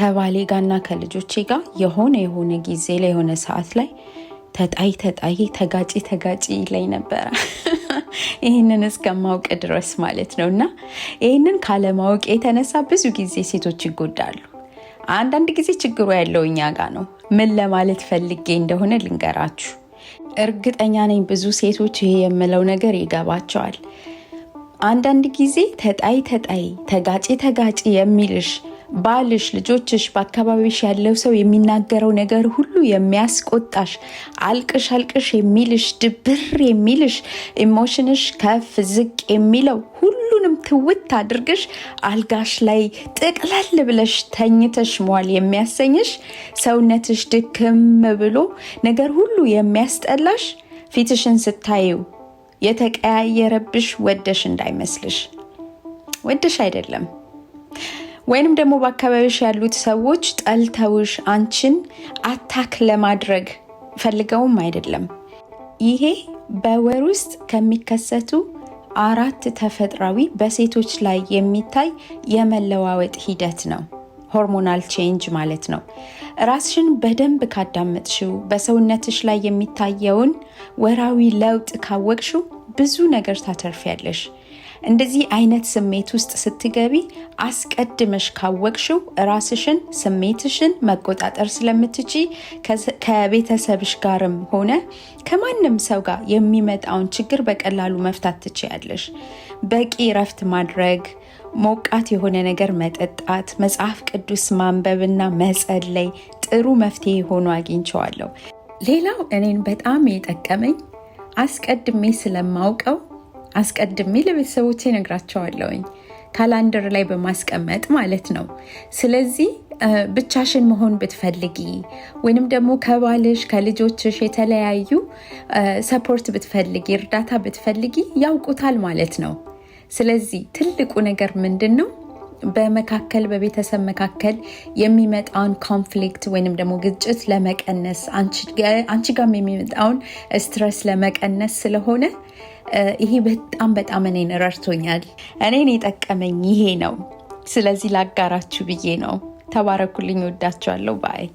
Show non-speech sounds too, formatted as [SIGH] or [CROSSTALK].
ከባሌ ጋና ከልጆቼ ጋር የሆነ የሆነ ጊዜ ላይ የሆነ ሰዓት ላይ ተጣይ ተጣይ ተጋጭ ተጋጭ ላይ ነበረ። [LAUGHS] ይህንን እስከማውቅ ድረስ ማለት ነው። እና ይህንን ካለማወቅ የተነሳ ብዙ ጊዜ ሴቶች ይጎዳሉ። አንዳንድ ጊዜ ችግሩ ያለው እኛ ጋ ነው። ምን ለማለት ፈልጌ እንደሆነ ልንገራችሁ። እርግጠኛ ነኝ ብዙ ሴቶች ይሄ የምለው ነገር ይገባቸዋል። አንዳንድ ጊዜ ተጣይ ተጣይ ተጋጭ ተጋጭ የሚልሽ ባልሽ፣ ልጆችሽ፣ በአካባቢሽ ያለው ሰው የሚናገረው ነገር ሁሉ የሚያስቆጣሽ፣ አልቅሽ አልቅሽ የሚልሽ፣ ድብር የሚልሽ፣ ኢሞሽንሽ ከፍ ዝቅ የሚለው ሁሉንም ትውት አድርገሽ አልጋሽ ላይ ጥቅለል ብለሽ ተኝተሽ መዋል የሚያሰኝሽ፣ ሰውነትሽ ድክም ብሎ ነገር ሁሉ የሚያስጠላሽ፣ ፊትሽን ስታዩ የተቀያየረብሽ ወደሽ እንዳይመስልሽ ወደሽ አይደለም ወይንም ደግሞ በአካባቢሽ ያሉት ሰዎች ጠልተውሽ አንቺን አታክ ለማድረግ ፈልገውም አይደለም። ይሄ በወር ውስጥ ከሚከሰቱ አራት ተፈጥሯዊ በሴቶች ላይ የሚታይ የመለዋወጥ ሂደት ነው። ሆርሞናል ቼንጅ ማለት ነው። ራስሽን በደንብ ካዳመጥሽው፣ በሰውነትሽ ላይ የሚታየውን ወራዊ ለውጥ ካወቅሽው ብዙ ነገር ታተርፊያለሽ። እንደዚህ አይነት ስሜት ውስጥ ስትገቢ አስቀድመሽ ካወቅሽው ራስሽን፣ ስሜትሽን መቆጣጠር ስለምትቺ ከቤተሰብሽ ጋርም ሆነ ከማንም ሰው ጋር የሚመጣውን ችግር በቀላሉ መፍታት ትችያለሽ። በቂ እረፍት ማድረግ ሞቃት የሆነ ነገር መጠጣት፣ መጽሐፍ ቅዱስ ማንበብና መጸለይ ጥሩ መፍትሄ ሆኖ አግኝቸዋለሁ። ሌላው እኔን በጣም የጠቀመኝ አስቀድሜ ስለማውቀው አስቀድሜ ለቤተሰቦቼ ነግራቸዋለሁኝ ካላንደር ላይ በማስቀመጥ ማለት ነው። ስለዚህ ብቻሽን መሆን ብትፈልጊ ወይንም ደግሞ ከባልሽ ከልጆችሽ የተለያዩ ሰፖርት ብትፈልጊ እርዳታ ብትፈልጊ ያውቁታል ማለት ነው። ስለዚህ ትልቁ ነገር ምንድን ነው? በመካከል በቤተሰብ መካከል የሚመጣውን ኮንፍሊክት ወይንም ደግሞ ግጭት ለመቀነስ አንቺ ጋም የሚመጣውን ስትረስ ለመቀነስ ስለሆነ ይሄ በጣም በጣም እኔን ረድቶኛል። እኔን የጠቀመኝ ይሄ ነው። ስለዚህ ላጋራችሁ ብዬ ነው። ተባረኩልኝ። ወዳቸዋለሁ በአይ